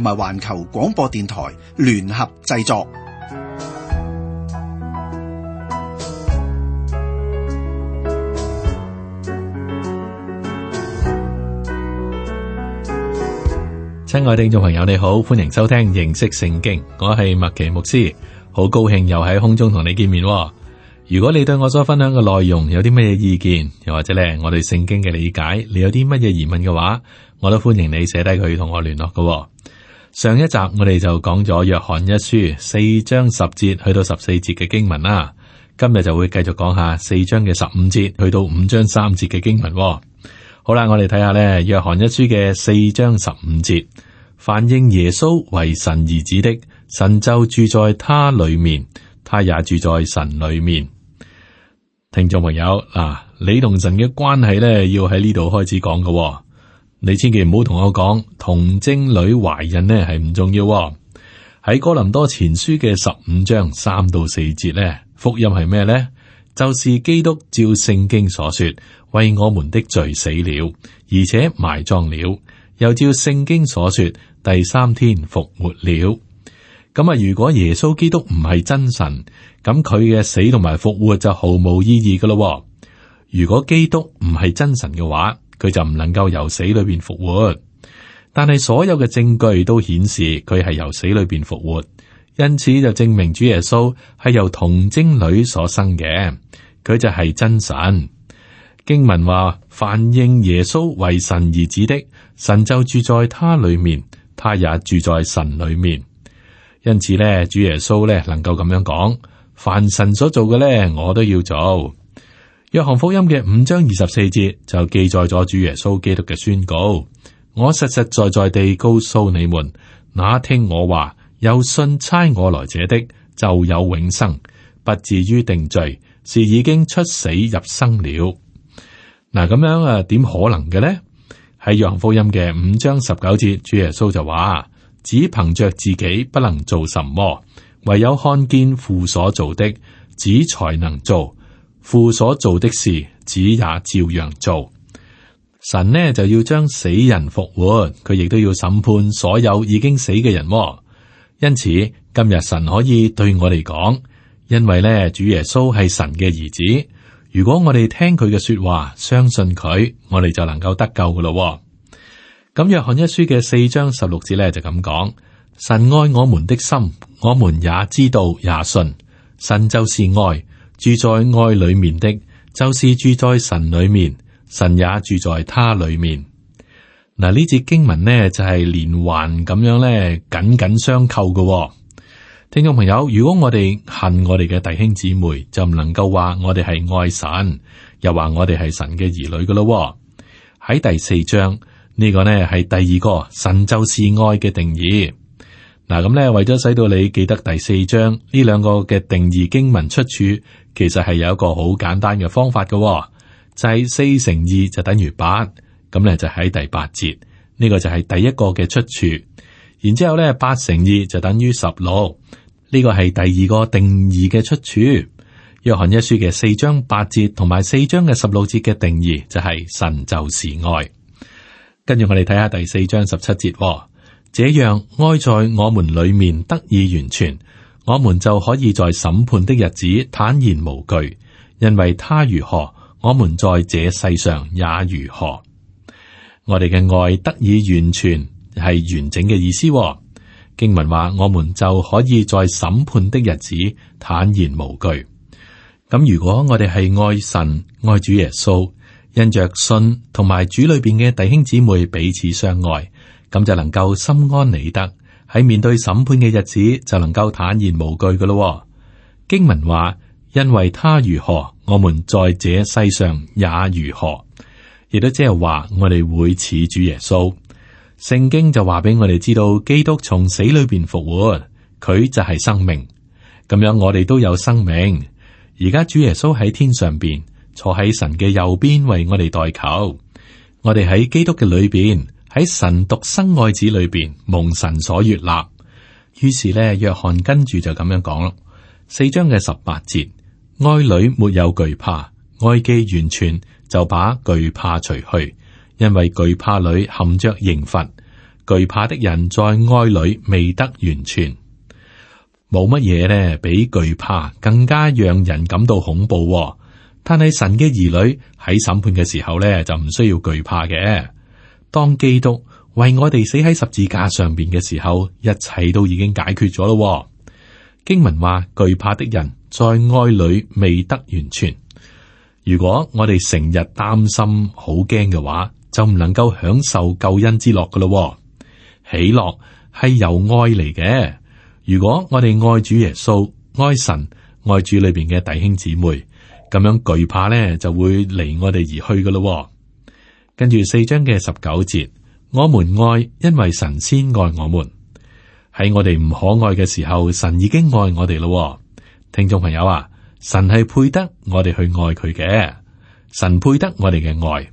同埋環球廣播電台聯合製作。親愛嘅聽眾朋友，你好，歡迎收聽認識聖經。我係麥奇牧師，好高興又喺空中同你見面。如果你對我所分享嘅內容有啲乜嘢意見，又或者咧我對聖經嘅理解，你有啲乜嘢疑問嘅話，我都歡迎你寫低佢同我聯絡㗎。上一集我哋就講咗約翰一書四章十節去到十四節嘅經文啦，今日就會繼續講下四章嘅十五節去到五章三節嘅經文，哦。好啦，我哋睇下咧，約翰一書嘅四章十五節，凡認耶穌為神兒子的，神就住在他裏面，他也住在神裏面。聽眾朋友嗱，啊，你同神嘅關係咧，要喺呢度開始講噶，哦。你千祈唔好同我講童貞女懷孕呢係唔重要喎。喺哥林多前書嘅十五章三到四節呢，福音係咩呢？就是基督照聖經所說，為我們的罪死了，而且埋葬了，又照聖經所說，第三天復活了。咁啊，如果耶穌基督唔係真神，咁佢嘅死同埋復活就毫無意義噶咯。如果基督唔係真神嘅話，佢就唔能夠由死裏邊復活，但係所有嘅證據都顯示佢係由死裏邊復活，因此就證明主耶穌係由童貞女所生嘅，佢就係真神。經文話：凡認耶穌為神兒子的，神就住在他裏面，他也住在神裏面。因此咧，主耶穌咧能夠咁樣講，凡神所做嘅咧，我都要做。約翰福音嘅五章二十四節就記載咗主耶穌基督嘅宣告：我實實在在地告訴你們，那聽我話又信差我來者的就有永生，不至於定罪，是已經出死入生了。嗱、啊，咁樣啊，點可能嘅呢？喺約翰福音嘅五章十九節，主耶穌就話：只憑着自己不能做什麼，唯有看見父所做的，子才能做。父所做的事，子也照樣做。神呢就要將死人復活，佢亦都要審判所有已經死嘅人，哦。因此今日神可以對我哋講，因為呢主耶穌係神嘅兒子，如果我哋聽佢嘅說話，相信佢，我哋就能夠得救嘅咯，哦。咁約翰一書嘅四章十六節呢就咁講：神愛我們的心，我們也知道也信，神就是愛。住在愛裏面的，就是住在神裏面，神也住在他裏面。嗱呢節經文呢，就係、是、連環咁樣咧緊緊相扣嘅，哦。聽眾朋友，如果我哋恨我哋嘅弟兄姊妹，就唔能夠話我哋係愛神，又話我哋係神嘅兒女噶咯，哦。喺第四章呢，這個呢，係第二個神就是愛嘅定義。嗱咁咧，為咗使到你記得第四章呢兩個嘅定義經文出處，其實係有一個好簡單嘅方法嘅、哦，就係、是、四乘二就等於八，咁咧就喺第八節，呢個就係第一個嘅出處。然之後咧，八乘二就等於十六，呢個係第二個定義嘅出處。約翰一書嘅四章八節同埋四章嘅十六節嘅定義就係神就是愛。跟住我哋睇下第四章十七節、哦。這樣愛在我們裏面得以完全，我們就可以在審判的日子坦然無懼，因為他如何，我們在這世上也如何。我哋嘅愛得以完全係完整嘅意思喎。經文話，我們就可以在審判的日子坦然無懼。咁如果我哋係愛神、愛主耶穌，因着信同埋主裏面嘅弟兄姊妹彼此相愛。咁就能夠心安理得，喺面對審判嘅日子就能夠坦然無懼㗎咯。經文話，因為他如何，我們在這世上也如何。亦都即係話我哋會似主耶穌。聖經就話俾我哋知道基督從死裏邊復活，佢就係生命。咁樣我哋都有生命。而家主耶穌喺天上邊坐喺神嘅右邊為我哋代求，我哋喺基督嘅裏邊。喺神獨生愛子裏邊蒙神所悅納，於是呢，約翰跟住就咁樣講咯。四章嘅十八節，愛裏沒有懼怕，愛既完全，就把懼怕除去，因為懼怕裏含着刑罰，懼怕的人在愛裏未得完全。冇乜嘢呢比懼怕更加讓人感到恐怖。但係神嘅兒女喺審判嘅時候呢，就唔需要懼怕嘅。當基督為我哋死喺十字架上邊嘅時候，一切都已經解決咗咯。經文話：懼怕的人在愛裏未得完全。如果我哋成日擔心、好驚嘅話，就唔能夠享受救恩之樂㗎咯。喜樂係由愛嚟嘅。如果我哋愛主耶穌、愛神、愛主裏邊嘅弟兄姊妹，咁樣懼怕咧，就會離我哋而去㗎咯。跟住四章嘅十九節，我們愛，因為神先愛我們。喺我哋唔可愛嘅時候，神已經愛我哋咯，哦。聽眾朋友啊，神係配得我哋去愛佢嘅，神配得我哋嘅愛，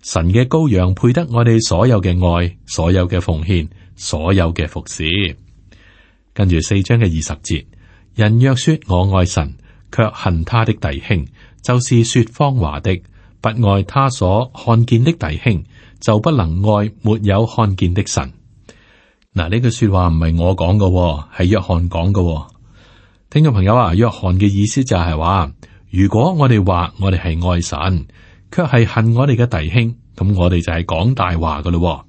神嘅羔羊配得我哋所有嘅愛，所有嘅奉獻，所有嘅服侍。跟住四章嘅二十節，人若說我愛神，卻恨他的弟兄，就是說謊話的。不愛他所看見的弟兄，就不能愛沒有看見的神。嗱，呢句說話唔係我講嘅，係約翰講嘅。聽眾朋友啊，約翰嘅意思就係話，如果我哋話我哋係愛神，卻係恨我哋嘅弟兄，咁我哋就係講大話嘅咯。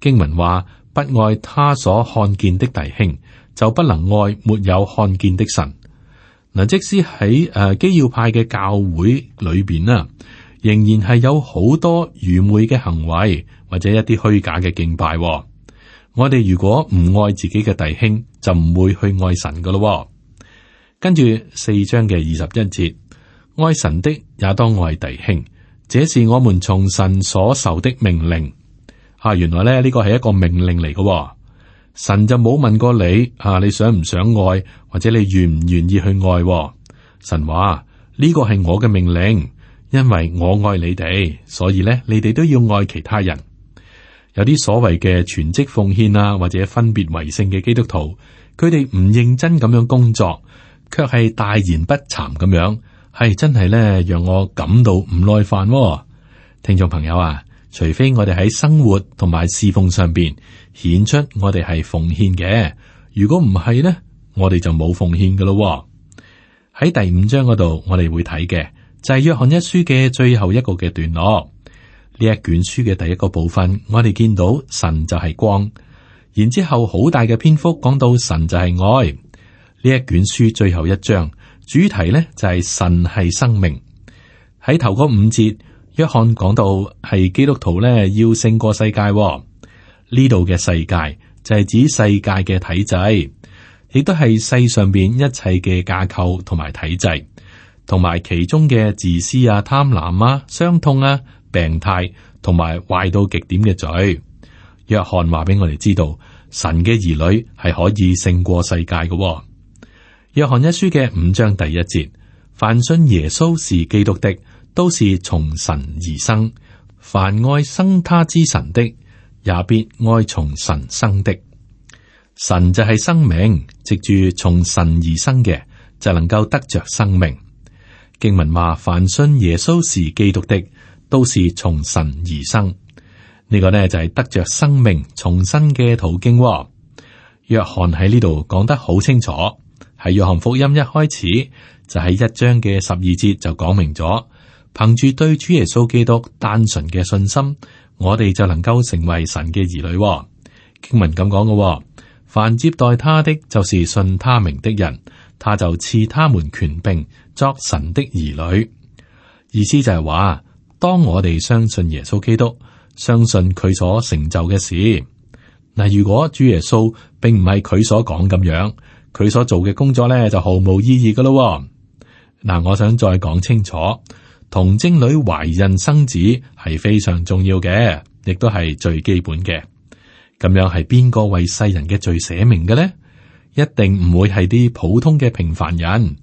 經文話，不愛他所看見的弟兄，就不能愛沒有看見的神。嗱、就是，即使喺誒、呃、基要派嘅教會裏邊啦。仍然係有好多愚昧嘅行為，或者一啲虛假嘅敬拜、哦。我哋如果唔愛自己嘅弟兄，就唔會去愛神噶咯、哦。跟住四章嘅二十一節，愛神的也當愛弟兄，這是我們從神所受的命令。啊，原來咧呢個係一個命令嚟嘅、哦。神就冇問過你啊，你想唔想愛或者你願唔願意去愛、哦。神話呢、呢個係我嘅命令。因為我愛你哋，所以咧你哋都要愛其他人。有啲所謂嘅全職奉獻啊，或者分別為聖嘅基督徒，佢哋唔認真咁樣工作，卻係大言不慚咁樣，係、哎、真係咧讓我感到唔耐煩、啊。聽眾朋友啊，除非我哋喺生活同埋侍奉上邊顯出我哋係奉獻嘅，如果唔係呢，我哋就冇奉獻噶咯。喺第五章嗰度，我哋會睇嘅。就係約翰一書嘅最後一個嘅段落，呢一卷書嘅第一個部分，我哋見到神就係光，然之後好大嘅篇幅講到神就係愛，呢一卷書最後一章主題呢，就係神係生命。喺頭嗰五節，約翰講到係基督徒呢要勝過世界，呢度嘅世界就係指世界嘅體制，亦都係世上邊一切嘅架構同埋體制。同埋其中嘅自私啊、貪婪啊、傷痛啊、病態，同埋壞到極點嘅嘴。約翰話俾我哋知道，神嘅兒女係可以勝過世界嘅哦。約翰一書嘅五章第一節：凡信耶穌是基督的，都是從神而生；凡愛生他之神的，也必愛從神生的。神就係生命，藉住從神而生嘅就能夠得着生命。經文話，凡信耶穌是基督的，都是從神而生。呢、這個呢，就係、是、得着生命重生嘅途徑、哦。約翰喺呢度講得好清楚，喺約翰福音一開始就喺一章嘅十二節就講明咗，憑住對主耶穌基督單純嘅信心，我哋就能夠成為神嘅兒女、哦。經文咁講嘅，凡接待他的，就是信他名的人，他就賜他們權柄。作神的兒女，意思就係話，當我哋相信耶穌基督，相信佢所成就嘅事，嗱，如果主耶穌並唔係佢所講咁樣，佢所做嘅工作咧就毫無意義噶咯。嗱，我想再講清楚，童貞女懷孕生子係非常重要嘅，亦都係最基本嘅。咁樣係邊個為世人嘅罪捨命嘅呢？一定唔會係啲普通嘅平凡人。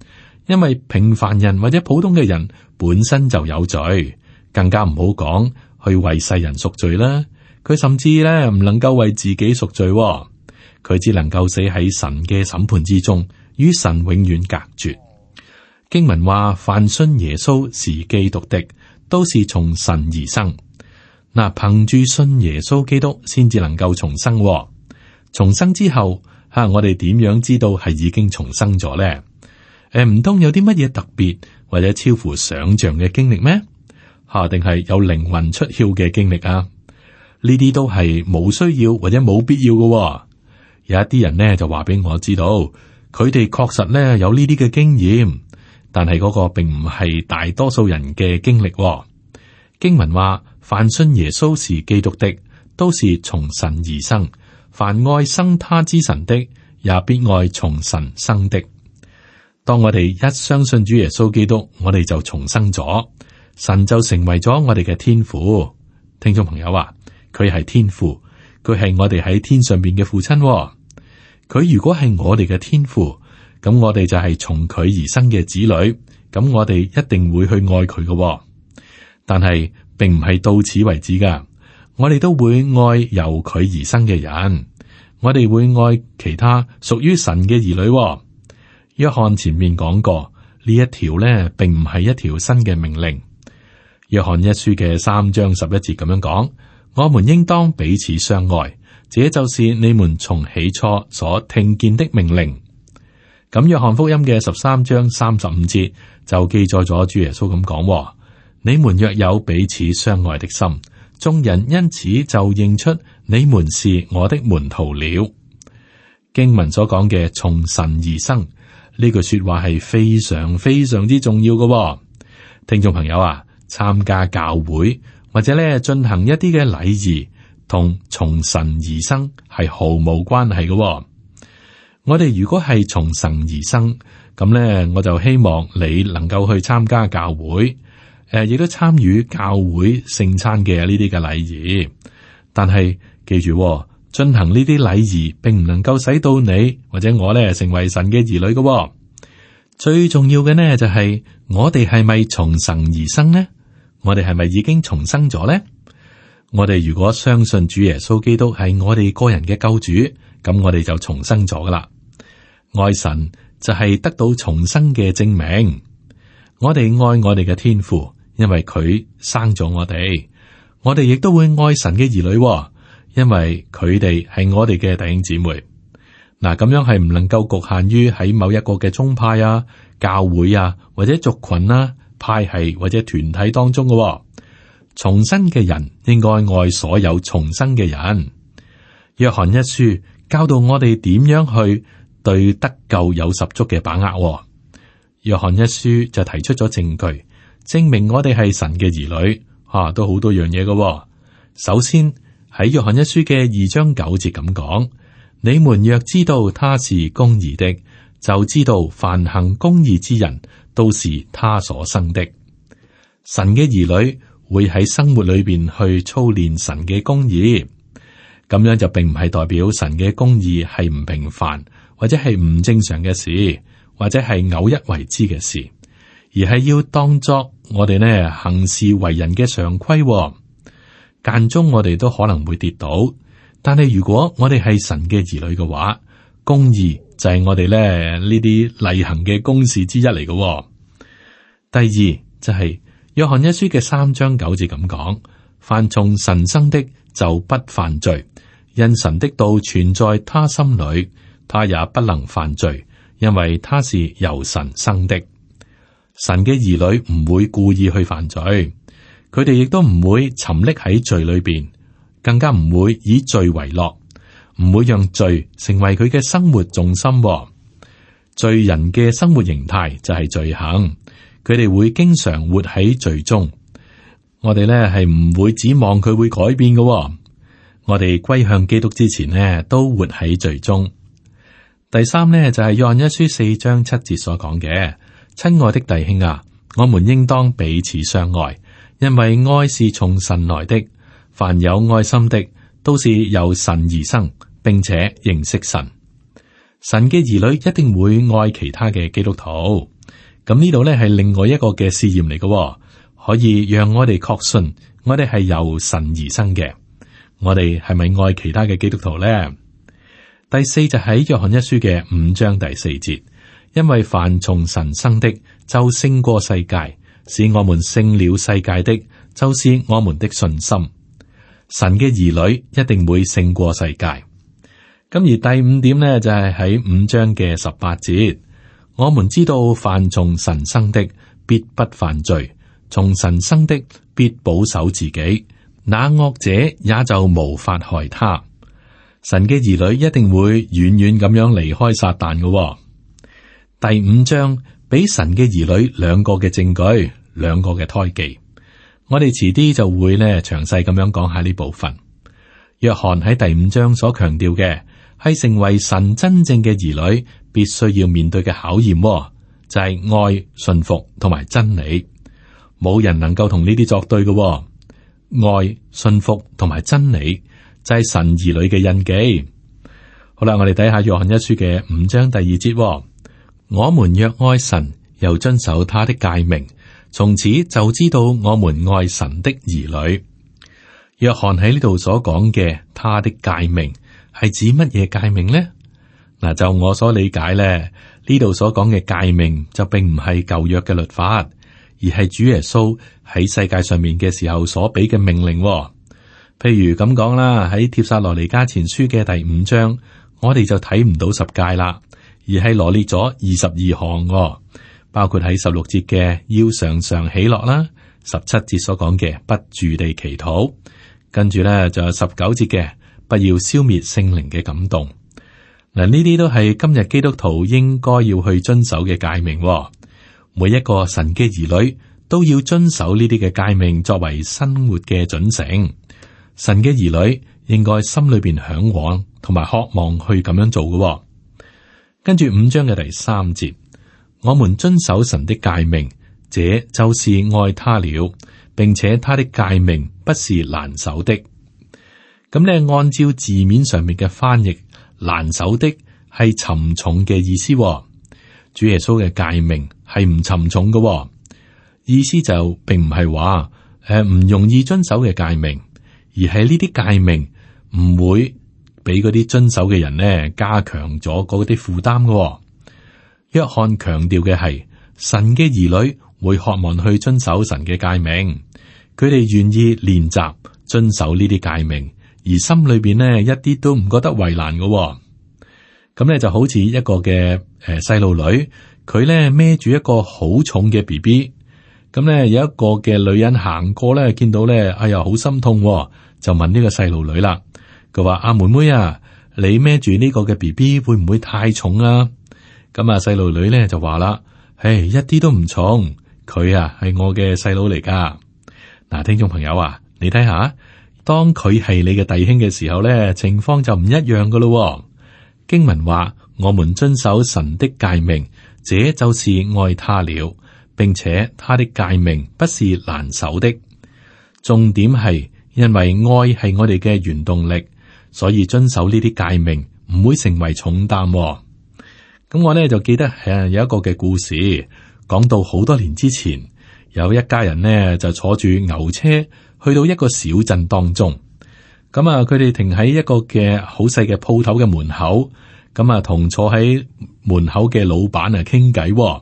因為平凡人或者普通嘅人本身就有罪，更加唔好講去為世人贖罪啦。佢甚至咧唔能夠為自己贖罪，佢只能夠死喺神嘅審判之中，與神永遠隔絕。經文話：凡信耶穌是基督的，都是從神而生。嗱，憑住信耶穌基督，先至能夠重生。重生之後，吓、啊、我哋點樣知道係已經重生咗咧？誒，唔通有啲乜嘢特別或者超乎想象嘅經歷咩？吓啊，定係有靈魂出竅嘅經歷啊？呢啲都係冇需要或者冇必要嘅哦。有一啲人呢，就話俾我知道，佢哋確實呢有呢啲嘅經驗，但係嗰個並唔係大多數人嘅經歷哦。經文話：凡信耶穌是基督的，都是從神而生；凡愛生他之神的，也必愛從神生的。當我哋一相信主耶穌基督，我哋就重生咗，神就成為咗我哋嘅天父。聽眾朋友話，佢係天父，佢係我哋喺天上邊嘅父親。佢如果係我哋嘅天父，咁我哋就係從佢而生嘅子女。咁我哋一定會去愛佢嘅。但係並唔係到此為止噶，我哋都會愛由佢而生嘅人，我哋會愛其他屬於神嘅兒女。約翰前面講過呢一條呢，並唔係一條新嘅命令。約翰一書嘅三章十一節咁樣講：我們應當彼此相愛，這就是你們從起初所聽見的命令。咁約翰福音嘅十三章三十五節就記載咗主耶穌咁講：你們若有彼此相愛的心，眾人因此就認出你們是我的門徒了。經文所講嘅從神而生。呢句說話係非常非常之重要嘅，哦，聽眾朋友啊，參加教會或者咧進行一啲嘅禮儀，同從神而生係毫無關係嘅，哦。我哋如果係從神而生，咁咧我就希望你能夠去參加教會，誒、呃、亦都參與教會聖餐嘅呢啲嘅禮儀，但係記住，哦。進行呢啲禮儀，並唔能夠使到你或者我咧成為神嘅兒女嘅。最重要嘅呢、就係，就係我哋係咪從神而生呢？我哋係咪已經重生咗呢？我哋如果相信主耶穌基督係我哋個人嘅救主，咁我哋就重生咗噶啦。愛神就係得到重生嘅證明。我哋愛我哋嘅天父，因為佢生咗我哋，我哋亦都會愛神嘅兒女。因為佢哋係我哋嘅弟兄姊妹，嗱咁樣係唔能夠局限於喺某一個嘅宗派啊、教會啊或者族群啊派系或者團體當中嘅、哦、重生嘅人應該愛所有重生嘅人。約翰一書教導我哋點樣去對得救有十足嘅把握，哦。約翰一書就提出咗證據，證明我哋係神嘅兒女，吓、啊、都好多樣嘢嘅、哦。首先。喺約翰一書嘅二章九節咁講，你們若知道他是公義的，就知道凡行公義之人都是他所生的。神嘅兒女會喺生活裏邊去操練神嘅公義，咁樣就並唔係代表神嘅公義係唔平凡或者係唔正常嘅事，或者係偶一為之嘅事，而係要當作我哋呢行事為人嘅常規哦。間中我哋都可能會跌倒，但係如果我哋係神嘅兒女嘅話，公義就係我哋咧呢啲例行嘅公事之一嚟嘅、哦。第二就係、是、約翰一書嘅三章九字咁講：凡從神生的就不犯罪，因神的道存在他心裏，他也不能犯罪，因為他是由神生的。神嘅兒女唔會故意去犯罪。佢哋亦都唔會沉溺喺罪裏邊，更加唔會以罪為樂，唔會讓罪成為佢嘅生活重心，哦。罪人嘅生活形態就係罪行，佢哋會經常活喺罪中。我哋咧係唔會指望佢會改變噶，哦。我哋歸向基督之前呢，都活喺罪中。第三咧就係《約翰一書》四章七節所講嘅：親愛的弟兄啊，我們應當彼此相愛。因為愛是從神來的，凡有愛心的都是由神而生，並且認識神。神嘅兒女一定會愛其他嘅基督徒。咁呢度呢係另外一個嘅試驗嚟嘅，可以讓我哋確信我哋係由神而生嘅。我哋係咪愛其他嘅基督徒呢？第四就喺約翰一書嘅五章第四節，因為凡從神生的，就勝過世界。使我們勝了世界的，就是我們的信心。神嘅兒女一定會勝過世界。咁而第五點呢，就係、是、喺五章嘅十八節，我們知道犯從神生的必不犯罪，從神生的必保守自己，那惡者也就無法害他。神嘅兒女一定會遠遠咁樣離開撒旦嘅、哦。第五章。俾神嘅兒女兩個嘅證據，兩個嘅胎記，我哋遲啲就會咧詳細咁樣講下呢部分。約翰喺第五章所強調嘅係成為神真正嘅兒女，必須要面對嘅考驗，就係愛、信服同埋真理。冇人能夠同呢啲作對嘅，愛、信服同埋真理就係神兒女嘅印記。好啦，我哋睇下約翰一書嘅五章第二節。我們若愛神，又遵守他的誡命，從此就知道我們愛神的兒女。約翰喺呢度所講嘅他的誡命，係指乜嘢誡命呢？嗱，就我所理解咧，呢度所講嘅誡命，就並唔係舊約嘅律法，而係主耶穌喺世界上面嘅時候所俾嘅命令喎。譬如咁講啦，喺帖撒羅尼迦前書嘅第五章，我哋就睇唔到十戒啦。而係羅列咗二十二項，包括喺十六節嘅要常常喜樂啦，十七節所講嘅不住地祈禱，跟住咧就有十九節嘅不要消滅聖靈嘅感動。嗱，呢啲都係今日基督徒應該要去遵守嘅誡命喎。每一個神嘅兒女都要遵守呢啲嘅誡命，作為生活嘅準繩。神嘅兒女應該心裏邊向往同埋渴望去咁樣做嘅喎。跟住五章嘅第三節，我們遵守神的誡命，這就是愛他了，並且他的誡命不是難守的。咁咧，按照字面上面嘅翻譯，難守的係沉重嘅意思。主耶穌嘅誡命係唔沉重嘅，意思就並唔係話誒唔容易遵守嘅誡命，而係呢啲誡命唔會。俾嗰啲遵守嘅人呢，加強咗嗰啲負擔㗎喎。約翰強調嘅係神嘅兒女會渴望去遵守神嘅誡命，佢哋願意練習遵守呢啲誡命，而心裏邊呢，一啲都唔覺得為難㗎喎。咁呢就好似一個嘅誒細路女，佢咧孭住一個好重嘅 BB，咁呢有一個嘅女人行過咧，見到咧哎呀好心痛喎，就問呢個細路女啦。佢話：阿、啊、妹妹啊，你孭住呢個嘅 B B 會唔會太重啊？咁啊，細路女咧就話啦：唉，一啲都唔重，佢啊係我嘅細佬嚟噶。嗱，聽眾朋友啊，你睇下，當佢係你嘅弟兄嘅時候咧，情況就唔一樣噶咯、哦。經文話：我們遵守神的誡命，這就是愛他了，並且他的誡命不是難守的。重點係因為愛係我哋嘅原動力。所以遵守呢啲誡命唔會成為重擔、哦。咁、嗯、我咧就記得誒有一個嘅故事，講到好多年之前，有一家人呢就坐住牛車去到一個小鎮當中。咁、嗯、啊，佢哋停喺一個嘅好細嘅鋪頭嘅門口。咁、嗯、啊,同坐喺門口嘅老闆啊傾偈。誒、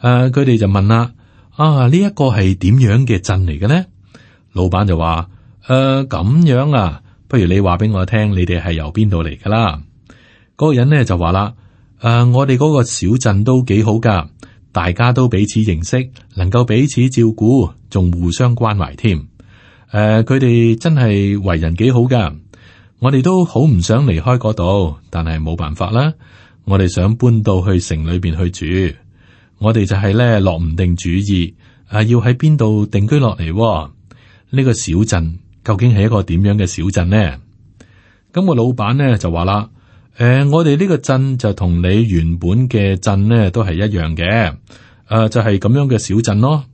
呃，佢哋就問啦、啊：，啊呢一、這個係點樣嘅鎮嚟嘅呢？老闆」老闆就話：，誒咁樣啊。不如你話俾我聽，你哋係由邊度嚟噶啦？嗰個人呢就話啦：，誒，我哋嗰個小鎮都幾好噶，大家都彼此認識，能夠彼此照顧，仲互相關懷添。誒，佢哋真係為人幾好噶，我哋都好唔想離開嗰度，但係冇辦法啦。我哋想搬到去城裏邊去住，我哋就係咧落唔定主意，誒，要喺邊度定居落嚟，呢個小鎮，究竟係一個點樣嘅小鎮呢？我呢、呃、我鎮、鎮呢？咁個老闆呢就話啦，誒，我哋呢個鎮就同你原本嘅鎮呢都係一樣嘅，誒、呃，就係、是、咁樣嘅小鎮咯。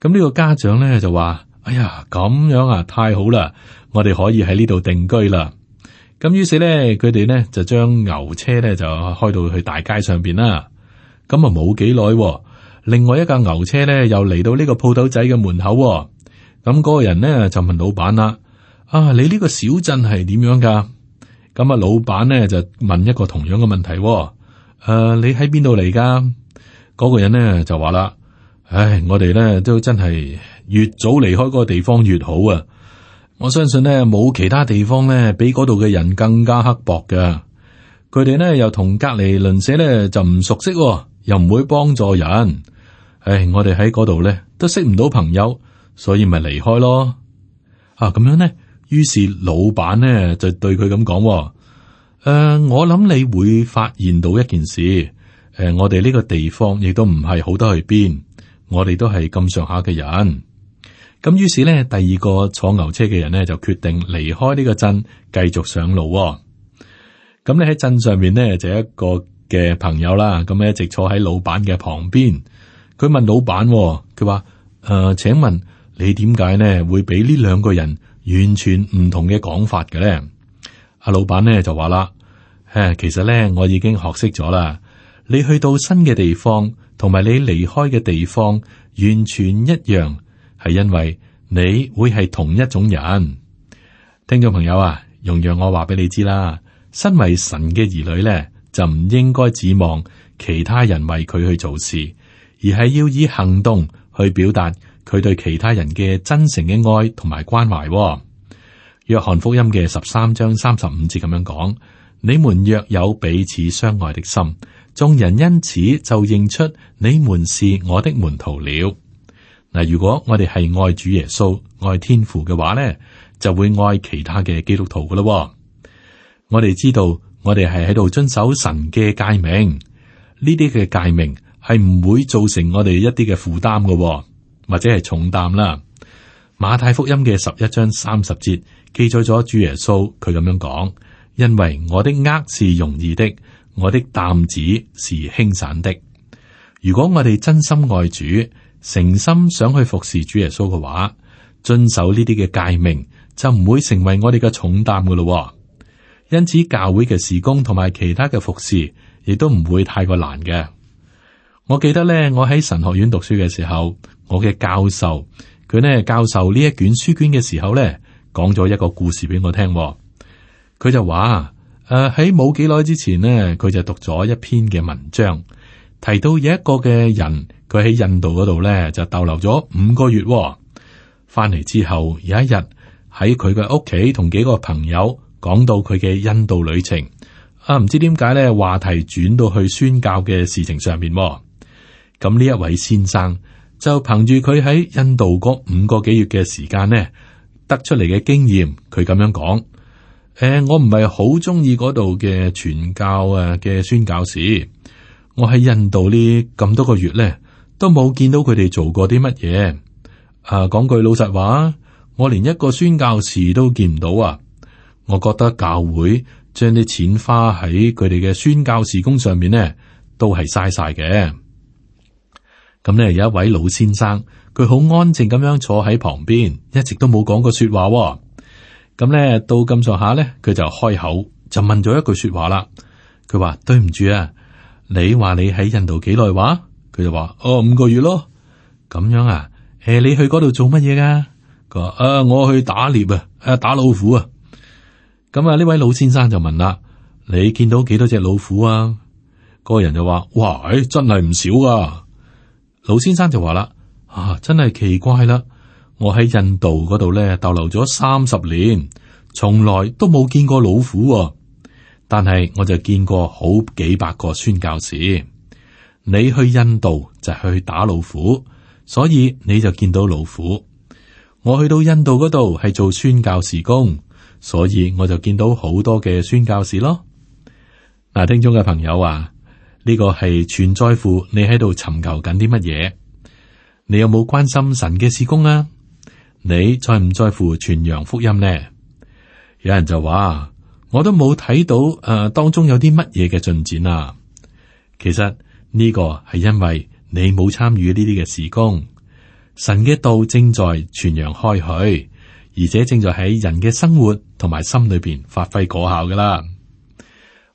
咁呢個家長呢就話，哎呀，咁樣啊太好啦，我哋可以喺呢度定居啦。咁於是呢佢哋呢就將牛車呢就開到去大街上邊啦。咁啊冇幾耐，另外一架牛車呢又嚟到呢個鋪頭仔嘅門口、啊。咁嗰個人咧就問老闆啦：啊，你呢個小鎮係點樣噶？咁啊，老闆咧就問一個同樣嘅問題、哦：誒、啊，你喺邊度嚟噶？嗰、那個人咧就話啦：唉，我哋咧都真係越早離開嗰個地方越好啊！我相信咧，冇其他地方咧比嗰度嘅人更加刻薄噶。佢哋咧又同隔籬鄰舍咧就唔熟悉、哦，又唔會幫助人。唉，我哋喺嗰度咧都識唔到朋友。所以咪離開咯啊，咁樣呢，於是老闆呢就對佢咁講：誒、呃，我諗你會發現到一件事。誒、呃，我哋呢個地方亦都唔係好得去邊，我哋都係咁上下嘅人。咁、啊、於是呢，第二個坐牛車嘅人呢就決定離開呢個鎮，繼續上路、哦。咁你喺鎮上面呢，就是、一個嘅朋友啦，咁、嗯、一直坐喺老闆嘅旁邊。佢問老闆、哦：佢話誒，請問？你點解呢會俾呢兩個人完全唔同嘅講法嘅呢？阿老闆呢就話啦：誒，其實呢我已經學識咗啦。你去到新嘅地方，同埋你離開嘅地方完全一樣，係因為你會係同一種人。聽眾朋友啊，容讓我話俾你知啦。身為神嘅兒女呢，就唔應該指望其他人為佢去做事，而係要以行動去表達。佢對其他人嘅真誠嘅愛同埋關懷、哦，約翰福音嘅十三章三十五節咁樣講：，你們若有彼此相愛的心，眾人因此就認出你們是我的門徒了。嗱，如果我哋係愛主耶穌、愛天父嘅話咧，就會愛其他嘅基督徒噶啦。我哋知道，我哋係喺度遵守神嘅誡命。呢啲嘅誡命係唔會造成我哋一啲嘅負擔噶。或者係重擔啦。馬太福音嘅十一章三十節記載咗主耶穌佢咁樣講：，因為我的軛是容易的，我的擔子是輕省的。如果我哋真心愛主，誠心想去服侍主耶穌嘅話，遵守呢啲嘅誡命就唔會成為我哋嘅重擔噶咯。因此，教會嘅事工同埋其他嘅服侍，亦都唔會太過難嘅。我記得咧，我喺神學院讀書嘅時候。我嘅教授佢呢教授呢一卷書卷嘅時候呢，講咗一個故事俾我聽、哦。佢就話：誒、呃，喺冇幾耐之前呢，佢就讀咗一篇嘅文章，提到有一個嘅人，佢喺印度嗰度呢，就逗留咗五個月、哦。翻嚟之後有一日喺佢嘅屋企同幾個朋友講到佢嘅印度旅程。啊，唔知點解呢，話題轉到去宣教嘅事情上面、哦。咁呢一位先生。就憑住佢喺印度嗰五個幾月嘅時間呢，得出嚟嘅經驗，佢咁樣講：誒、呃，我唔係好中意嗰度嘅傳教啊嘅宣教士。我喺印度呢咁多個月呢，都冇見到佢哋做過啲乜嘢。啊，講句老實話，我連一個宣教士都見唔到啊！我覺得教會將啲錢花喺佢哋嘅宣教事工上面呢，都係嘥晒嘅。咁咧有一位老先生，佢好安靜咁樣坐喺旁邊，一直都冇講過說話、哦。咁咧到咁上下咧，佢就開口就問咗一句話說話啦。佢話：對唔住啊，你話你喺印度幾耐話？佢就話：哦五個月咯。咁樣啊，誒、呃、你去嗰度做乜嘢噶？佢話：啊我去打獵啊，誒、啊、打老虎啊。咁啊呢位老先生就問啦：你見到幾多隻老虎啊？嗰個人就話：哇誒真係唔少啊！老先生就話啦，啊，真係奇怪啦！我喺印度嗰度咧逗留咗三十年，從來都冇見過老虎啊，但係我就見過好幾百個宣教士。你去印度就係去打老虎，所以你就見到老虎。我去到印度嗰度係做宣教士工，所以我就見到好多嘅宣教士咯。嗱，聽眾嘅朋友啊。呢個係全在乎你喺度尋求緊啲乜嘢？你有冇關心神嘅事工啊？你在唔在乎傳揚福音呢？有人就話：，我都冇睇到誒、呃、當中有啲乜嘢嘅進展啊！其實呢、這個係因為你冇參與呢啲嘅事工，神嘅道正在傳揚開去，而且正在喺人嘅生活同埋心裏邊發揮果效噶啦。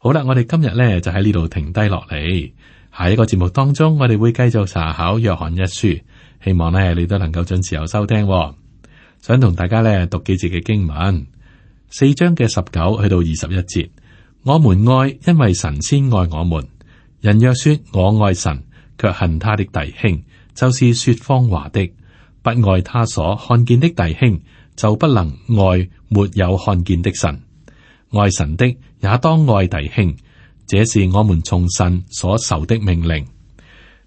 好啦，我哋今日咧就喺呢度停低落嚟。下一個節目當中，我哋會繼續查考約翰一書，希望咧你都能夠準時候收聽哦。想同大家咧讀幾節嘅經文，四章嘅十九去到二十一節。我們愛，因為神先愛我們。人若說我愛神，卻恨他的弟兄，就是說謊話的；不愛他所看見的弟兄，就不能愛沒有看見的神。愛神的也當愛弟兄，這是我們從神所受的命令。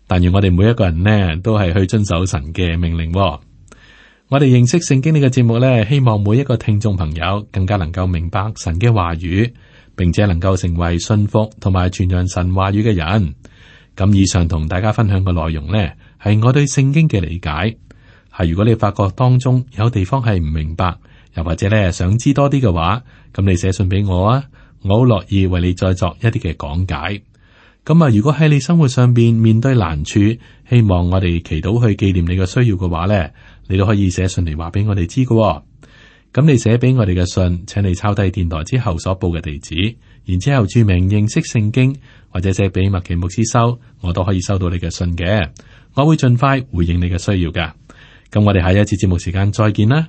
但願我哋每一個人呢，都係去遵守神嘅命令喎。我哋認識聖經呢個節目呢，希望每一個聽眾朋友更加能夠明白神嘅話語，並且能夠成為信服同埋傳揚神話語嘅人。咁以上同大家分享嘅內容呢，係我對聖經嘅理解。係如果你發覺當中有地方係唔明白。又或者咧，想知多啲嘅話，咁你寫信俾我啊，我好樂意為你再作一啲嘅講解。咁啊，如果喺你生活上邊面面對難處，希望我哋祈禱去紀念你嘅需要嘅話呢，你都可以寫信嚟話俾我哋知嘅。咁你寫俾我哋嘅信，請你抄低電台之後所報嘅地址，然之後注明認識聖經，或者寫俾麥奇牧師收，我都可以收到你嘅信嘅。我會盡快回應你嘅需要噶。咁我哋下一次節目時間再見啦。